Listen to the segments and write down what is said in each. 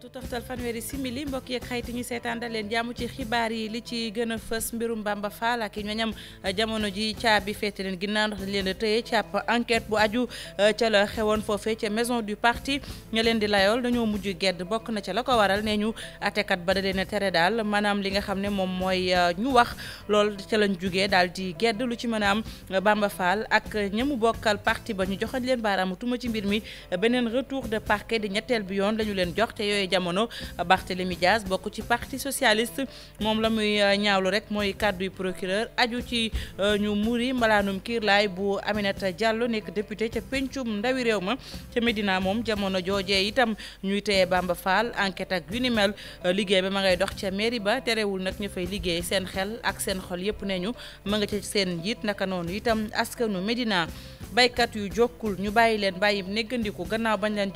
waxtu toxtal fanweeri simili mbokk yeeg xayti ñu seetaan da leen jàmm ci xibaar yi li ci gën a fës mbirum Bamba Fall ak ñoñam eh, jamono ji caabi féete leen ginnaaw ndax dañ a tëye ci ab enquête bu aju eh, ca la xewoon foofee ca maison du parti ña leen di layool dañoo mujj gedd bokk na ca la ko waral nee ñu atekat ba da leen a tere daal maanaam li nga xam ne moom mooy eh, ñu wax loolu ca lañ jugee daal di gedd lu ci maanaam Bamba Fall ak ñamu bokkal parti ba ñu joxañ leen baaraamu tuma ci mbir mi beneen retour de parquet di ñetteel bi yoon lañu leen jox te yooyu jamono Barthélémy Diaz bokk ci parti socialiste moom la muy euh, ñaawlu rek mooy kàdduy procureur aju ci euh, ñu muri mbalaanum kiirlaay bu Aminata Diallo nekk député ca pencum ndawi réew ma ca Médina moom jamono joojee itam ñuy téye Bamba Fall enquête ak yu ni mel euh, liggéey ba ma ngay dox ca mairie ba terewul nag ñu fay liggéey seen xel ak seen xol yépp ne ñu ma nga ca seen njiit naka noonu itam askanu Médina baykat yu jokkul ñu bàyyi leen bàyyi néggandiku gannaaw bañ leen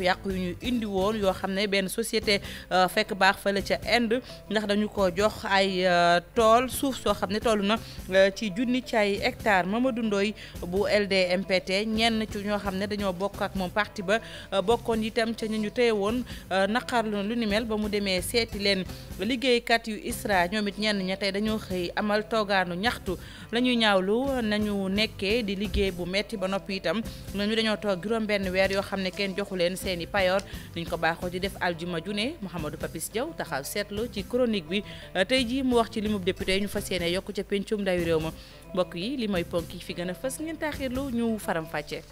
yàqu-yàqu yu ñu indi woon yoo xam ne benn société euh, fekk baax fa la ca Inde ndax dañu ko jox ay euh, tool suuf soo xam ne toll na euh, ci junni ci ay hectare Mamadou Ndoye bu LDMPT ñenn ci ñoo xam ne dañoo bokk ak moom parti ba bokkoon itam ca ñu ñu téye woon naqarlu lu ni mel ba mu demee seeti leen liggéeykat yu ISRA ñoom it ñenn ña tey dañoo xëy amal toogaanu ñaxtu lañuy ñuy ñaawlu nañu nekkee di liggéey bu metti ba noppi itam ñu dañoo toog juróom benn weer yoo xam ne kenn seeni payoor niñ ko baaxoo di def ju ne Mouhamadou Papis Diaw taxaw seetlu ci chronique bi euh, tey jii mu wax ci limu député ñu fa yéene yokk ca pencum ndawi réew ma mbokk yi li mooy ponk yi fi gën a fës ngeen taaxirlu ñu faram fàccee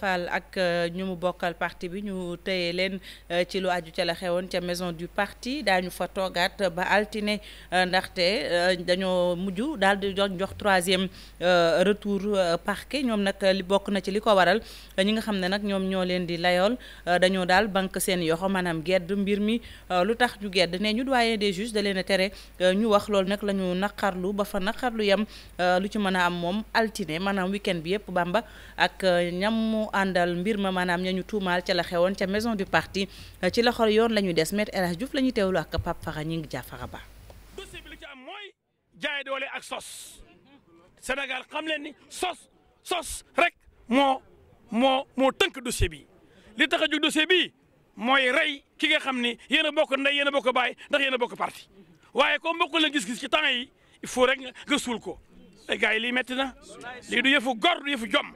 Fall ak euh, ñu mu bokkal parti bi ñu téye leen euh, ci lu aju ca la xewoon ca maison du parti daañu fa toggaat ba altine euh, ndaxte dañoo mujj daal di jox troisième retour parquet ñoom nag li bokk na ci li ko waral ñi nga xam ne nag ñoom ñoo leen di layool dañoo daal banque seen yoxo maanaam gedd mbir mi lu tax ñu gedd ne ñu doyen des juges da leen a tere ñu wax loolu nag la ñu naqarlu ba fa naqarlu yem lu ci mën a am moom altine maanaam weekend bi yëpp bàmba ak ñam àndal mbir ma maanaam ña ñu tuumaal ca la xewoon ca maison du parti ci loxo yoon la ñu des maître El Hadj Diouf la ñuy teewlu ak Pape Fara ñi ngi jaafara ba dossier bi li ci am ak sos Sénégal xam leen ni sos sos rek moo moo tënk dossier bi li tax a jóg dossier bi mooy rey ki nga xam ni yéen a bokk ndey yéen a bokk baay ndax yéen a bokk parti waaye ko bokkul la gis-gis ci temps yi il faut rek nga suul ko. te eh, gars yi lii métti na lii du yëfu gor du yëfu jom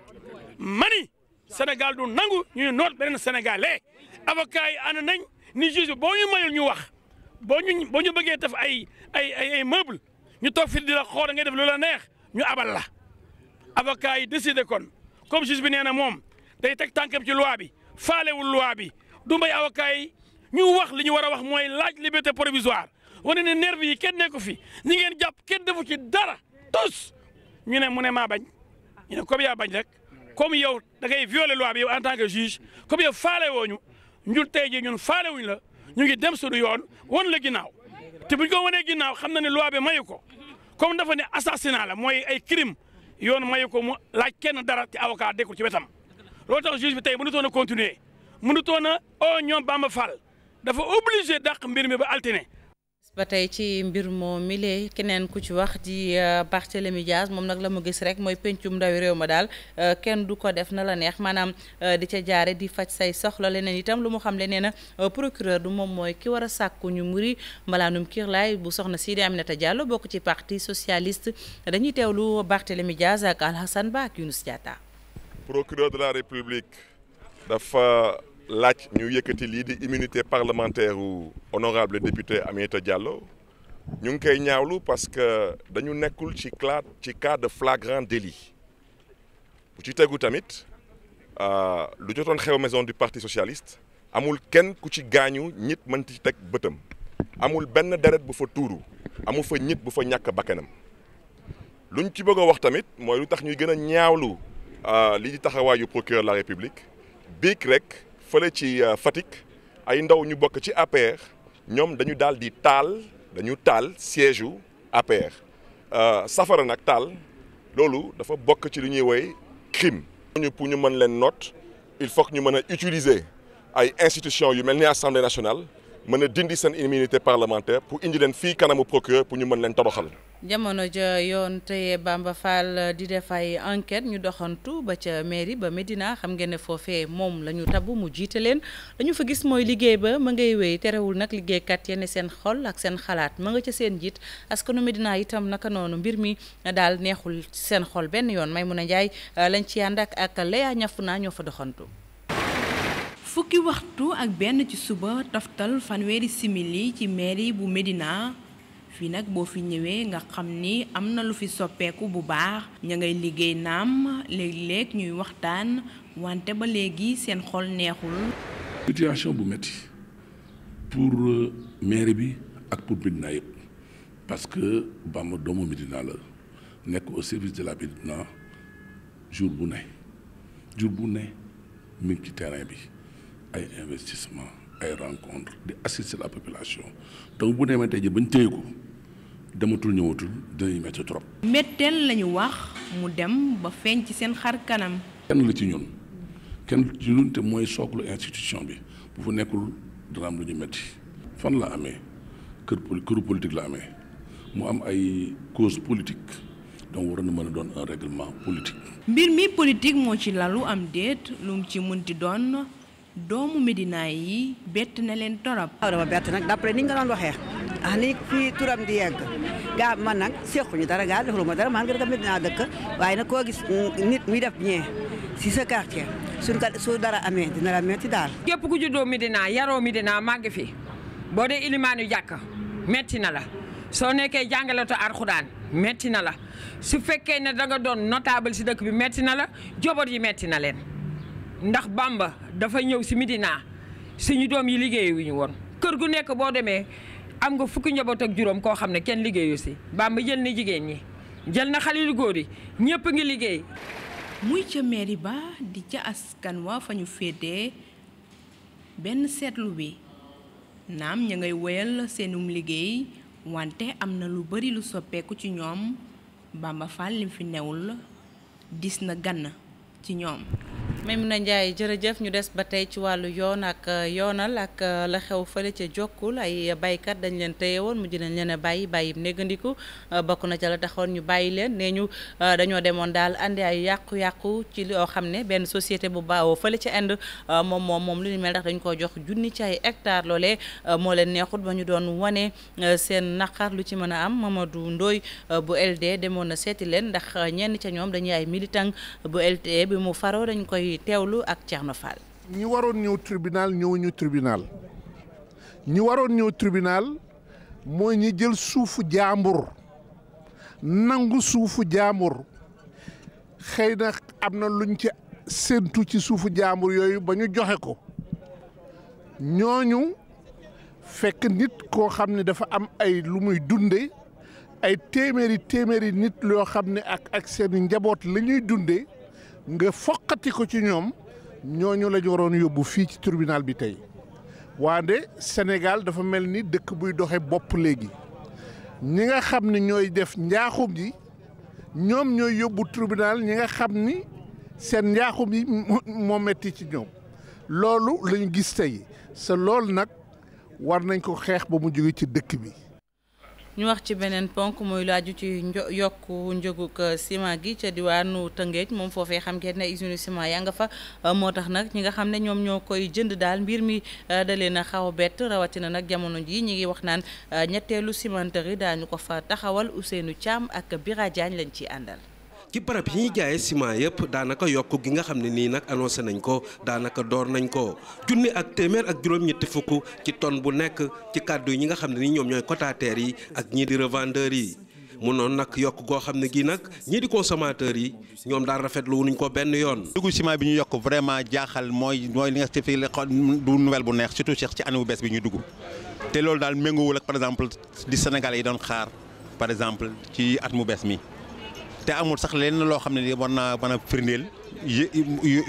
mani Sénégal du nangu ñu noot beneen sénégalais avocat yi ànd nañ ni boo ñu mayul ñu wax boo ñu boo ñu bëggee def ay ay ay ñu toog fi di la xool ngay def lu la neex ñu abal la avocat yi décidé kon comme juge bi nee na moom day teg tànkam ci loi bi faalewul loi bi du mbay avocat yi ñu wax li ñu war a wax mooy laaj liberté provisoire wane ne nervi yi kenn nekku fi ñi ngeen jàpp kenn defu ci dara tous ñu ne mu ne maa bañ ñu ne comme yaa bañ rek comme yow da ngay violer loi bi yow en tant que juge comme yow faale woo ñu ñun tey jii ñun faale wuñ la ñu ngi dem suñu yoon wan la ginnaaw te buñ ko wanee ginnaaw xam na ne loi bi mayu ko comme dafa ne assassinat la mooy ay crime yoon mayu ko mu laaj kenn dara ci avocat dekkul ci wetam. loolu tax juge bi tey mënutoon a continuer mënutoon a oo ñoom Bamba Fall dafa obligé dàq mbir mi ba altine ba tey ci mbir moo mile keneen ku ci wax di euh, Barthélémy Dias moom nag la mu gis rek mooy pencum ndawi réew ma daal euh, kenn du ko def na la neex maanaam euh, di ca jaare di faj say soxla leneen itam lu mu xam le nee na procureur du moom mooy ki war a sàkku ñu muri mbalaanum kiirlaay bu soxna sii Sidi Aminata Diallo bokk ci parti socialist dañuy teew lu Dias ak Alhassane Ba ak Younous Diatta procureur de la République dafa laaj ñu yëkkati lii di immunité parlementaire u honorable député Aminata Diallo ñu ngi koy ñaawlu parce que dañu nekkul ci cla ci cas de flagrant délit bu ci tegu tamit euh, lu jotoon xew maison du partie socialiste amul kenn ku ci gaañu ñit mën ci teg bëtam amul benn deret bu fa tuuru amu fa ñit bu fa ñàkk bakkanam luñ ci bëgg a wax tamit mooy lu tax ñuy gën a ñaawlu euh, li di taxawaayu procureur de la république biig rek fële ci euh, Fatick ay ndaw ñu bokk ci APR ñoom dañu daal di taal dañu taal siège u APR euh, safara nag taal loolu dafa bokk ci lu ñuy woy crime. pour ñu mën leen noot il faut que ñu mën a utiliser ay institutions yu mel ni assemblée nationale. mën a dindi seen immunité parlementaire pour indi leen fii kanamu procureur pour ñu mën leen toroxal. jamono ja yoon teye Bamba Fall di def ay enquête ñu doxantu ba ca mairie ba Médina xam ngeen ne foofee moom la ñu tabu mu jiite leen dañu fa gis mooy liggéey ba ma ngay wéy terewul nag liggéeykat yenn seen xol ak seen xalaat ma nga ca seen jiit askanu Médina itam naka noonu mbir mi daal neexul seen xol benn yoon Maimouna Ndiaye lañ ci ànd ak ak Léa naa ñoo fa doxantu. fukki waxtu ak benn ci suba taftal fanweeri simili ci mairie bu Médina fii nag boo fi ñëwee nga xam ni am na lu fi soppeeku bu baax ña ngay liggéey naam léeg-léeg ñuy waxtaan wante ba léegi seen xol neexul. situation bu métti pour euh, mairie bi ak pour Médina yëpp parce que Bamba doomu Médina la nekk au service de la Médina jour bu ne jour bu ne mi ci terrain bi. ay investissement ay rencontre di assister la population donc bu demee tey ji bañ téye ko dematul ñëwatul dinañ métti trop. métteel la ñu wax mu dem ba feeñ ci seen xar kanam. kenn la ci ñun kenn ci ñun te mooy sooklu institution bi bu fa nekkul dana am lu ñu métti fan la amee kër këru politique la amee mu am ay cose politique donc waroon na mën a doon un règlement politique. mbir mi politique moo ci lalu am déet lu mu ci munti doon. doomu Médina yi bett na leen torop. waaw dama nag d'après ni nga doon waxee ah ni fii turam di yegg gaa man nag sequñu dara gaa defuluma dara man nga def Médina dëkk waaye nag koo gis mm, nit muy def bien si sa quartier suñ ko su dara amee dina la metti daal. képp ku juddoo Médina yaroo midinaa màgg fi boo dee ilimaanu jàkka metti na la soo nekkee jàngalatu Alxuraan metti na la su fekkee ne danga doon notable si dëkk bi metti na la jobot yi metti na leen. ndax Bamba dafa ñëw si Medina suñu doom yi liggéeyuñu woon kër gu nekk boo demee am nga fukk njaboot ak juróom koo xam ne kenn liggéeyu si Bamba jël na jigéen ñi jël na xale yu góor yi ñëpp ngi liggéey. muy ca mairie ba di ca askan waa fa ñu féetee benn seetlu bi naam ña ngay woyal seenum liggéey wante am na lu bari lu soppeeku ci ñoom bàmba Fall lim fi newul dis na gann ci ñoom. mun a Ndiaye jërëjëf ñu des ba tey ci wàllu yoon ak euh, yoonal ak euh, la xew fële ca jokkul ay baykat dañu leen téye woon mujj nañ leen a bàyyi bàyyi négandiku euh, bokk na ca la taxoon ñu bàyyi leen nee ñu dañoo demoon daal andi ay yàqu-yàqu ci loo xam ne benn société bu baawoo fële ca Inde moom moom moom lu mel ndax dañ ko jox junni ci ay hectare loolee moo leen neexut ba ñu doon wane seen naqar lu ci mën a am Mamadou Ndoy bu LD demoon na seeti leen ndax ñenn ca ñoom dañuy ay militant bu LD e bi mu faroo dañ koy koy ak Thierno Fall. ñi waroon ñëw tribunal ñëwuñu tribunal ñi waroon ñëw tribunal mooy ñi jël suufu jaambur nangu suufu jaambur xëy na am na luñ ci séentu ci suufu jaambur yooyu ba ñu joxe ko ñooñu fekk nit koo xam ne dafa am ay lu muy dunde ay téeméeri téeméeri nit loo xam ne ak ak seeni njaboot lañuy ñuy dunde nga foqati ko ci ñoom ñoo ñooñu lañu waroon yóbbu fii ci tribunal bi tey waande Sénégal dafa mel ni dëkk buy doxe bopp léegi ñi nga xam ne ñooy def njaaxum ji ñoom ñooy yóbbu tribunal ñi nga xam ni seen njaaxum yi moo metti ci ñoom loolu lañu gis tey sa lool nag war nañ ko xeex ba mu jóge ci dëkk bi ñu wax ci beneen ponk muy laaju ci yokk njëgug euh, ciment gi ca diwaanu Tëngéej moom foofee xam ngeen ne usine ciment yaa nga fa euh, moo tax nag ñi nga xam ne ñoom ñoo koy jënd daal mbir mi euh, da leen a xaw a bett rawatina nag jamono ji ñi ngi wax naan ñetteelu cimenterie daañu ko fa taxawal Ousseynou Thiam ak Bira Diagne lañ ci àndal ci barab yi ñu jaayee ciment yëpp daanaka yokk gi nga xam ne nii nag annoncé nañ ko daanaka door nañ ko junni ak téeméer ak juróom-ñetti fukk ci tonne bu nekk ci kàddu yi ñi nga xam ne nii ñoom ñooy cotataires yi ak ñii di revendeurs yi. mu noonu nag yokk goo xam ne gii nag ñii di consommateurs yi ñoom daal rafetlu wuñ ko benn yoon. dugub ciment bi ñu yokk vraiment jaaxal mooy mooy li nga xam ne du nouvelle bu neex surtout ci ann bu bees bi ñu dugg te loolu daal méngoowul ak par exemple di Sénégalais yi doon xaar par exemple ci at mu bees mi. te amul sax lenn loo xam ne nii war naa mën a firndeel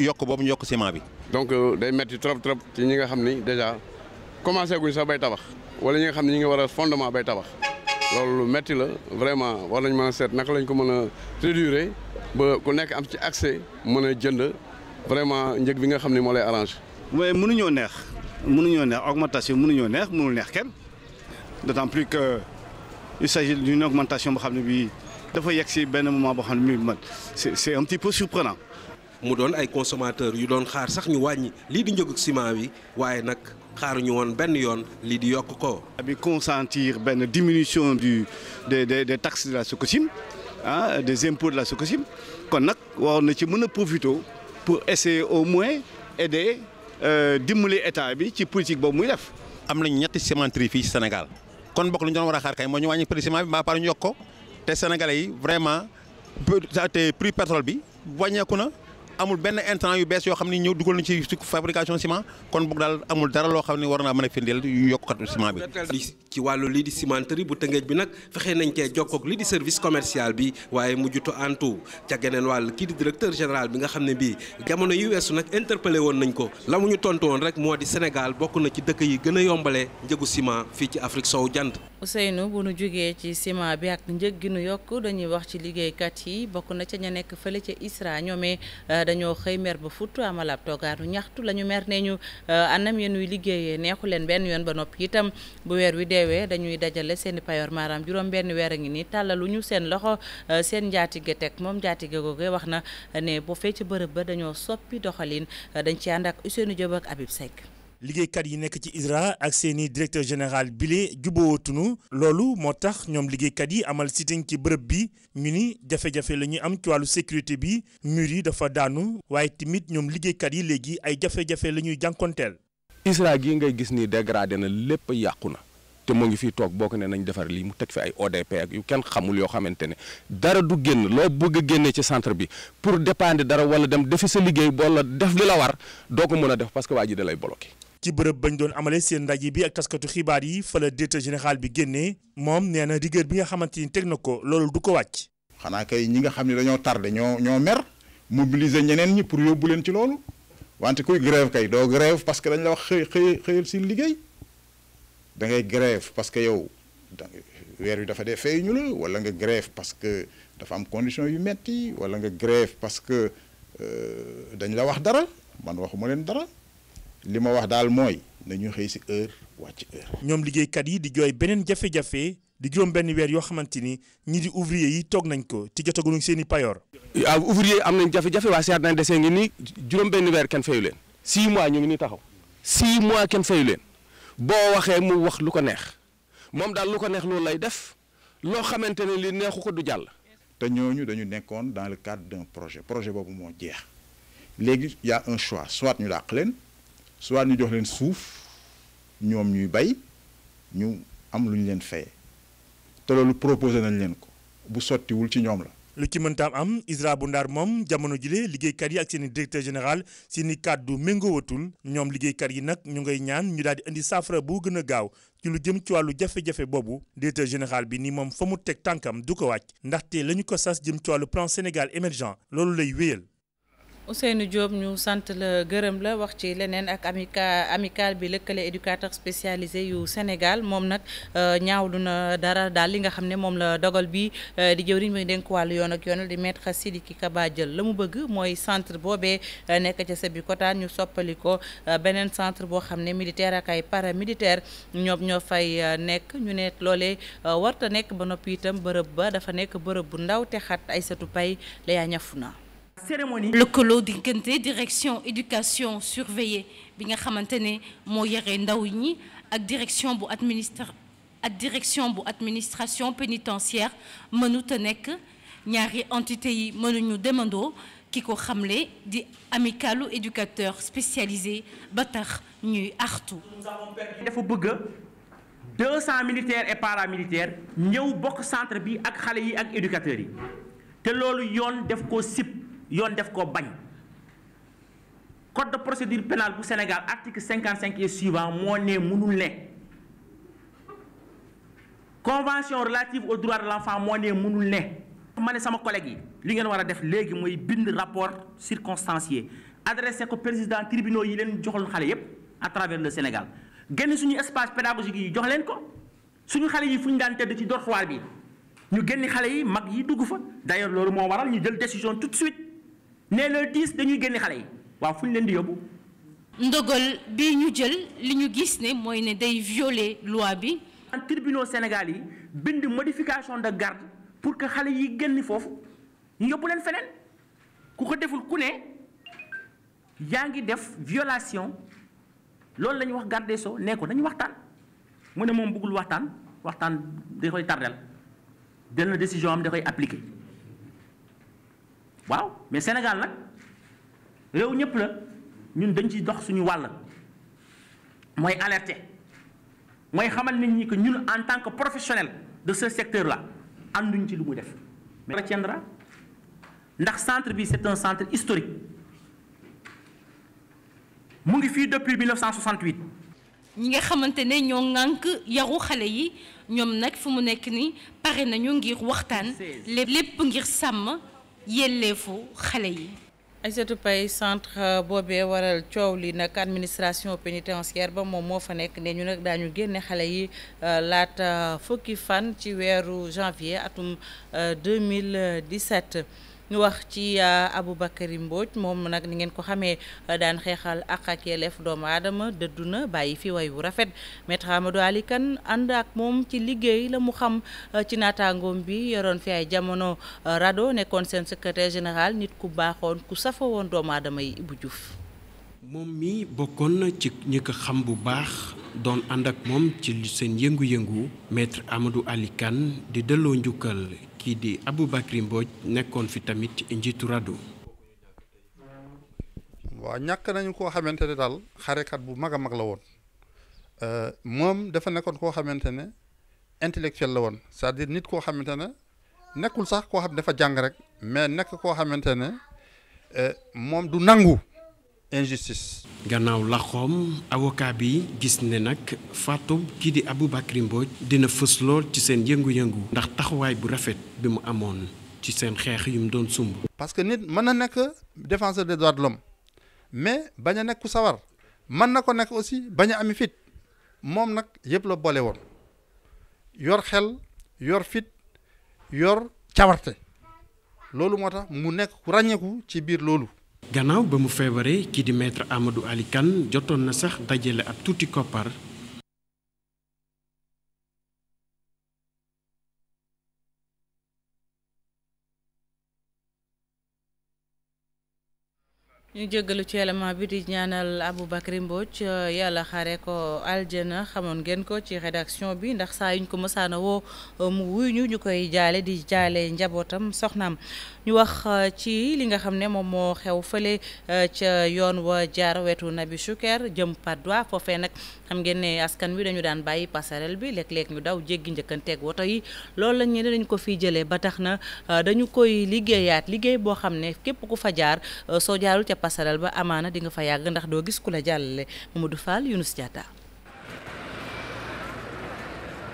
yokk boobu ñu yokk ciment bi. donc euh, day metti trop trop ci ñi nga xam ni déjà commencé guñ sax bay tabax wala ñu nga xam ne ñu ngi war a fondement bay tabax loolu lu metti la vraiment war nañ mën a seet naka lañ ko mën a réduire ba ku nekk am ci accès mën a jënd vraiment njëg bi nga xam ne moo lay arrangé. mais mënuñoo neex mënuñoo neex augmentation mënuñoo neex mënul neex kenn d'autant plus que il s'agit d'une augmentation boo xam ne bii. dafa yegg si benn moment boo xam ne mi man c'est c'est un petit peu mu doon ay consommateurs yu doon xaar sax ñu wàññi lii di njëgu ciment bi waaye nag xaaruñu woon benn yoon lii di yokk ko. bi consentir benn diminution du de des de la Sococim ah des impôts de la Sococim kon nag waroon na ci mën a profité pour essayer au moins aider euh, dimbali état bi ci politique boobu muy def. am nañu ñetti cimenterie fii Sénégal kon bokk lu ñu doon war a xaar kay moo ñu wàññi prix ciment bi mbaa pare ñu yokk ko. te sénégalais yi vraiment te prix pétrole bi wàññeeku na. amul benn intrant yu bees yoo xam ne ñëw dugal na ci fabrication ciment kon boog daal amul dara loo xam ne war naa mën a firndeel yu yokkatu ciment bi. ci wàllu lii di cimenterie bu Tëngéej bi nag fexe nañ cee jokkoog lii di service commercial bi waaye mujjutu antu ca geneen wàll kii di directeur général bi nga xam ne bii jamono yi weesu nag interpellé woon nañ ko la mu ñu tontu woon rek moo di Sénégal bokk na ci dëkk yi gën a yombale njëgu ciment fii ci Afrique sowu jant. Ousseynou bu nu jugee ci ciment bi ak njëg gi nu yokk dañuy wax ci liggéeykat yi bokk na ca ña nekk fële ca ISRA ñoomee euh, dañoo xëy mer ba futt amal ab ñaxtu la ñu mer nee ñu anam yéen wuy liggéeyee neexu leen benn yoon ba noppi itam bu weer wi deewee dañuy dajale seen i payoor maanaam juróom benn weer a ngi nii tàllalu ñu seen loxo euh, seen njaatige teg moom njaatige googe wax na ne bu fee ci bërëb ba dañoo soppi doxalin dañ ci ànd ak Ousseynou Diop abib Habib liggéeykat yi nekk ci ISRA ak seeni directeur général bile jubboowatunu loolu moo tax ñoom liggéeykat yi amal sitting ci bërëb bi ñu ni jafe-jafe la ñuy am ci wàllu sécurité bi mur yi dafa daanu waaye tamit ñoom liggéeykat yi léegi ay jafe la ñuy jànkonteel. ISRA gii ngay gis ni dégradé na lépp yàqu na. te moo ngi fii toog boo ko ne nañ defar lii mu teg fi ay ODP ak yu kenn xamul yoo xamante ne dara du génn loo bëgg a génne ci centre bi pour dépendre dara wala dem defi sa liggéey wala def li la war doo ko mën a def parce que waa ji da lay bloqué. ci bërëb bañ doon amale seen ndaje bi ak taskatu xibaar yi fa la directeur général bi génnee moom nee na rigueur bi nga xamante ni teg na ko loolu du ko wàcc. xanaa kay ñi nga xam ne dañoo tardé ñoo ñoo mer mobiliser ñeneen ñi pour yóbbu leen ci loolu wante kuy grève kay doo grève parce que dañ la wax xëy xëy xëyal da ngay grève parce que yow weer wi dafa dee fay ñu la wala nga grève parce que dafa am condition yu metti wala nga grève parce que euh, dañ la wax dara man waxuma leen dara. li ma wax daal mooy nañu xëy si heure wàcc heure. ñoom liggéeykat yi di jooy beneen jafe-jafe di juróom benn weer yoo xamante ni ñi di ouvrier yi toog nañ ko ci jotaguñu seeni payoor. waaw ah, ouvrier am nañ jafe-jafe waa seet nañ desee ngi nii juróom benn weer kenn fayu leen six mois ñoo ngi nii taxaw six mois kenn fayu leen boo waxee mu wax lu ko neex moom daal lu ko neex loolu lay def loo xamante ne li neexu ko du jàll. te ñooñu dañu nekkoon dans le cadre d'un projet projet boobu moo jeex léegi y un choix soit ñu dàq leen. soit ñu jox leen suuf ñoom ñuy bay ñu am lu ñu leen fayee te loolu proposé nañ leen ko bu sottiwul ci ñoom la. lu ci mëntaam am ISRA bu Ndar moom jamono jile liggéeykat yi ak seen i directeur général seen i kàddu méngoowatul ñoom liggéeykat yi nag ñu ngay ñaan ñu daal di indi saafara boo gën a gaaw ci lu jëm ci wàllu jafe-jafe boobu directeur général bi ni moom fa mu teg tànkam du ko wàcc ndaxte la ñu ko sas jëm ci wàllu plan Sénégal émergent loolu lay wéyal. Ousseynou Diop ñu sant la gërëm la wax ci leneen ak amica amical bi lëkkalee éducateur spécialisé yu Sénégal moom nag ñaaw euh, ñaawlu na dara daal li nga xam ne moom la dogal bi euh, di jëwriñ muy dénk wàllu yoon ak yoonal di maître ki Kaba jël la mu bëgg mooy centre boobee euh, nekk ca Sébikotane ñu soppali beneen centre boo xam ne militaire ak ay paramilitaire ñoom ñoo fay nekk ñu ne loolee warta nekk ba noppi itam bërëb ba dafa nekk bërëb bu ndaw te xat Aïssatou Paye la yaa cérémonie. lëkkaloo diggante direction éducation surveillée bi nga xamante ne moo yore ndaw ñi ak direction bu administra ak direction bu administration pénitentiaire mënut nekk ñaari entité yi mënuñu demandoo ki ko xamle di amicalu éducateur spécialisé ba tax ñuy artu. dafa bëgg. deux cent militaires et paramilitaires ñëw bokk centre bi ak xale yi ak éducateurs yi te loolu yoon def ko sip yoon def ko bañ code de procédure pénal bu Sénégal article 55 et suivant moo ne mënul ne convention relative aux droits de l'enfant moo ne mënul ne ma ne sama collègue yi li ngeen war a def léegi mooy bind rapport circonstancié adressé ko président tribunaux yi leen joxul xale yépp à travers le Sénégal génn suñu espace pédagogique yi jox leen ko suñu xale yi fu ñu daan tëdd ci dortoir bi ñu génn xale yi mag yi dugg fa d'ailleurs loolu moo waral ñu jël décision nee na le dañuy génne xale yi waaw fu ñu leen di yóbbu. ndogal bi ñu jël li ñu gis ne mooy ne day violer loi bi. en tribunaux Sénégal yi bind modification de garde pour que xale yi génn foofu ñu yóbbu leen feneen ku ko deful ku ne yaa ngi def violation loolu la wax garde des sceaux nee ko nañu waxtaan mu ne moom bëggul waxtaan waxtaan da koy tardel jël na décision am da koy appliquer. waaw mais Sénégal nag réew ñëpp la ñun dañ ciy dox suñu wàll mooy alerte mooy xamal nit ñi que ñun en tant que professionnel de ce secteur la là ànduñ ci lu mu def mais retiendra ndax centre bi c'est un centre historique mu ngi fii depuis 1968. ñi nga xamante ne ñoo ŋànk yaru xale yi ñoom nag fu mu nekk nii pare nañu ngir waxtaan lépp ngir sàmm yelleefu xale yi Aïssatou Paye centre euh, boobee waral coow li nag administration pénitentiaire ba moom moo fa nekk ne ñu nag daañu génne xale yi euh, laata fukki fan ci weeru janvier atum 2017 euh, ñu wax ci abu euh, Aboubacry Mbodj moom nag ni ngeen ko xamee euh, daan xeexal ak ak yelleef doomu aadama dëddu na bàyyi fi way wu rafet maître Amadou Ali ànd ak moom ci liggéey la mu xam euh, ci naataangoom bi yoroon fi ay jamono rado nekkoon seen secretaire général nit ku baaxoon ku safawoon woon doomu aadama yi bu Diouf moom mii bokkoon na ci ñi ko xam bu baax doon ànd ak moom ci seen yëngu-yëngu maître amadu Ali Kane di delloo njukkal kii di Aboubacry Mbodj nekkoon fi tamit njiitu RADDHO waaw ñàkk nañu koo xamante ne daal xarekat bu mag a mag la woon euh, moom dafa nekkoon koo xamante ne intellectuel la woon cest à nit koo xamante ne nekkul sax koo xam dafa jàng rek mais nekk koo xamante ne euh, moom du nangu injustice. gannaaw laxoom avocat bi gis ne nag faatu kii di Aboubacry Mbodj dina fës lool ci seen yëngu-yëngu. ndax taxawaay bu rafet bi mu amoon ci seen xeex yu mu doon sumb. parce que nit mën na nekk défenseur de droits de mais bañ a nekk ku sawar mën na ko nekk aussi bañ a ami fit moom nag yëpp la boole woon yor xel yor fit yor cawarte loolu moo tax mu nekk ku ràññeeku ci biir loolu. gannaaw ba mu feebaree kii di maître Amadou Ali jotoon na sax dajale ab tuuti koppar. ñu jéggalu ci élément bi di ñaanal Aboubacry Mbodj yàlla xare ko aljana xamoon ngeen ko ci rédaction bi ndax saa yuñ ko mësaana woo mu wuyu ñu ñu koy jaale di jaale njabootam soxnaam. ñu wax euh, ci li nga xam ne moom moo xew fële euh, ca yoon wa jaar wetu Nabi Choucair jëm Patte d'Oie foofee nag xam ngeen ne askan wi dañu daan bàyyi passerelle bi léeg-léeg ñu daw jéggi njëkkanteeg woto yi loolu lañ ne dañu ko fiy jëlee ba tax na euh, dañu koy liggéeyaat liggéey boo xam ne képp ku fa jaar soo jaarul ca passerelle ba amaana di nga fa yàgg ndax doo gis ku la jàllale du Fall Younous Diatta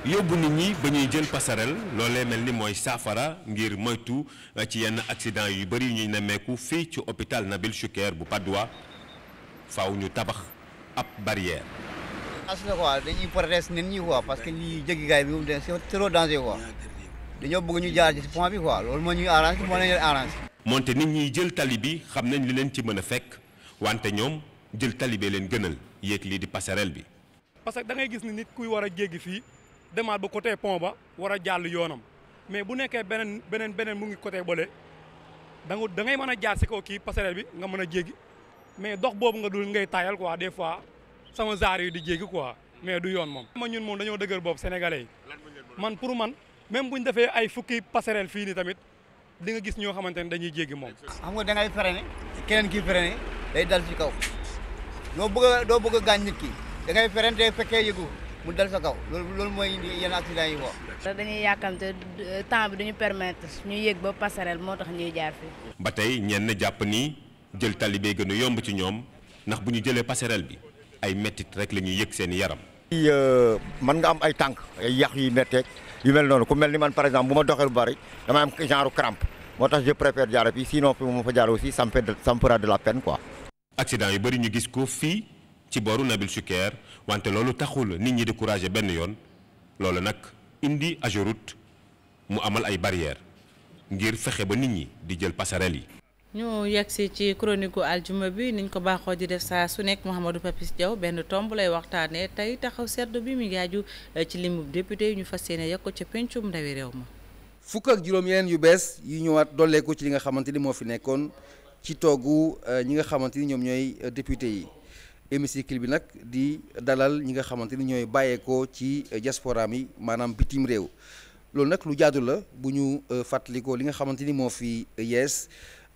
yóbbu nit ñi ba ñuy jël passerelle loolee mel ni mooy saafara ngir moytu euh, ci yenn accident yu bëri ñuy nemmeeku fii ci hôpital Nabil Choucair bu Padoua faw ñu tabax ab barrière. assuré quoi dañuy protéger nit ñi quoi parce que ñi jéggi gaay bi moom c'est trop danger dañoo bëgg ñu jaar ci point bi quoi loolu moo ñuy arrangé moo leen arrangé. moonte nit ñiy jël tali bi xam nañ li leen ci mën a fekk wante ñoom jël tali leen gënal yéeg lii di passerelle bi. parce fii. demaat ba côté pont ba war a jàll yoonam mais bu nekkee beneen beneen beneen mu ngi côté bële da nga da mën a jaar si kaw kii passerelle bi nga mën a jéggi mais dox boobu nga dul ngay taayal quoi des fois sama genre yi di jéggi quoi mais du yoon moom. ma ñun moom dañoo dëgër boobu sénégalais man pour man même bu ñu defee ay fukki passerelle fii nii tamit di nga gis ñoo xamante ne dañuy jéggi moom. xam nga da ngay freiné keneen kii freiné day dal ci kaw doo bëgg doo bëgg a gaañ nit ki da ngay freiné te fekkee mu dal sa kaw loolu loolu mooy indi yenn accident yi woo. dañuy yàkkamte temps bi duñu permettre ñu yéeg ba passerelle moo tax ñuy jaar fii. ba tey ñenn jàpp ni jël tali bee gën a yomb ci ñoom ndax bu ñu jëlee passerelle bi ay mettit rek la ñuy yëg seen yaram. fii euh, mën nga am ay tànk ay yàq yu métteeg yu mel noonu ku mel ni man par exemple bu ma doxee lu bari damay am genre crampe moo tax je préfère jaaree fii sinon fi mu ma fa jaaree aussi ça me fait ça me fera de la peine bëri ñu gis ko fii. ci booru Nabil Choucair wante loolu taxul nit ñi découragé benn yoon loolu nag indi Ageroute mu amal ay barrières ngir fexe ba nit ñi di jël passerelle yi. ñu yegsi ci chronique gu aljuma bi niñ ko baaxoo di def saa su nekk Mouhamadou Papis Diaw benn tomb lay waxtaane tey taxaw sedd bi mu ngi eh, ci limub député yu ñu fas yéene yegg ko ca pencum ndawi réew ma. fukk ak juróom yeneen yu bees yu ñëwaat dolleeku ci li nga xamante ni moo fi nekkoon ci toogu eh, ñi nga xamante ni ñoom ñooy eh, député yi. hémicycle bi nag di dalal ñi nga xamante ni ñooy bàyyeekoo ci diaspora mi maanaam bitim réew loolu nag lu jaadu la bu ñu euh, fàttalikoo li nga xamante ni moo fi yees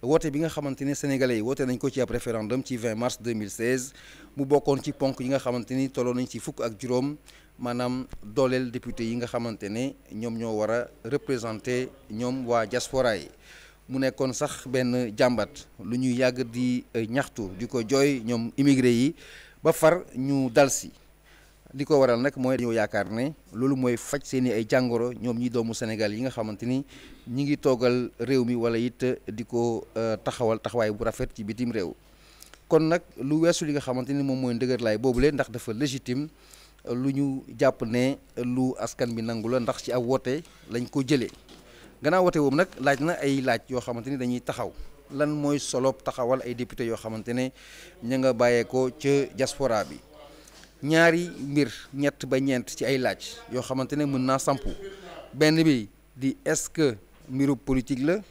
woote bi nga xamante ne sénégalais yi woote nañ ko ci ab référendum ci 20 mars 2016 mu bokkoon ci ponk yi nga xamante ni tolloo nañ ci fukk ak juróom maanaam dooleel député yi nga xamante ne ñoom ñoo war a représenter ñoom waa diaspora yi. mu nekkoon sax benn jàmbat lu ñuy yàgg di euh, ñaxtu di ko jooy ñoom immigré yi ba far ñu dal si li ko waral nag mooy dañoo yaakaar ne loolu mooy faj seen i ay jàngoro ñoom ñi doomu Sénégal yi nga xamante ni ñi ngi toogal réew mi wala it di ko euh, taxawal taxawaay bu rafet ci bitim réew kon nag lu weesu li nga xamante ni moom mooy laay boobu boobule ndax dafa légitime lu ñu jàpp ne lu askan bi nangu la ndax ci ab woote lañ ko jëlee gannaaw wote woowu nag laaj na ay laaj yoo xamante ni dañuy taxaw lan mooy solop taxawal ay député yoo xamante ne ña nga bàyyeekoo ca diaspora bi ñaari mbir ñett ba ñeent ci ay laaj yoo xamante ne mën naa sampu benn bi di est-ce que mbiru politique la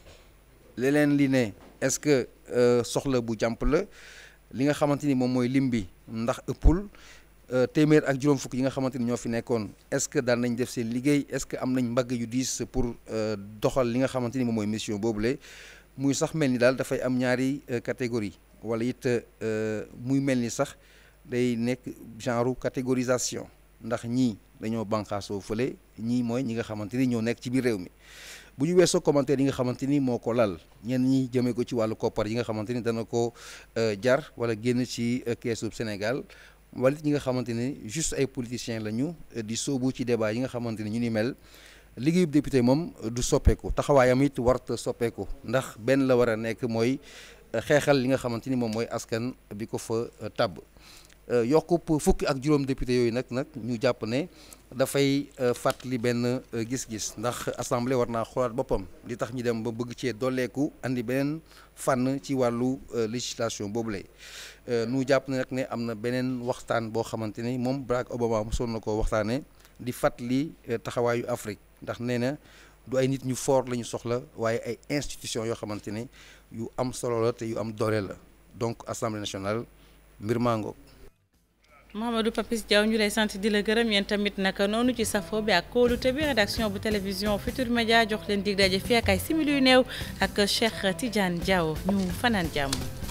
leneen li ne est-ce que euh, soxla bu jàmp la li nga xamante ni moom mooy lim bi ndax ëppul Euh, téeméer ak juróom fukk yi nga xamante ni ñoo fi nekkoon est-ce que daan nañ def seen liggéey est-ce am nañ mbagg yu diis pour euh, doxal li nga xamante ni moom mooy mission boobule muy sax mel ni daal dafay am ñaari euh, catégorie wala it muy mel ni sax day nekk genre catégorisation ndax ñii dañoo bànqaasoo fële ñii mooy ñi nga xamante ni ñoo nekk ci biir réew mi bu ñu weesoo commentaire yi nga xamante ni moo ko lal ñenn ñi jëmee ko ci wàllu koppar yi nga xamante ni dana ko jar wala génn ci keesub Sénégal wala ñi nga xamante ne juste ay politiciens la ñu euh, di sóobu ci débat yi nga xamante ne ñu ni mel liggéeyub député moom euh, du soppeeku taxawaayam it warta soppeeku ndax benn la war a nekk mooy euh, xeexal li nga xamante ni moom mooy askan bi ko fa tàbb Euh, yokku fukki ak juróom député yooyu nag nag ñu jàpp ne dafay euh, fàttali benn euh, gis-gis ndax assemblée war naa xoolaat boppam li tax ñu dem ba bëgg cee dooleeku indi beneen fànn ci wàllu législation boobu lay nu jàpp ne nag ne am na beneen waxtaan boo xamante ni moom Barack Obama mosoon na ko waxtaanee di fàttali taxawaayu Afrique ndax nee na du ay nit ñu fort la ñu soxla waaye ay institution yoo xamante ne yu am solo la te yu am doole la donc assemblée nationale mbir mango Mamadou Papis Diaw ñu lay sant di la gërëm yéen tamit naka noonu ci safo bi ak kóolute bi rédaction bu télévision Futur Média jox leen dig daje fii ak ay simili yu néew ak Cheikh Tidiane Diaw ñu fanaan jàmm.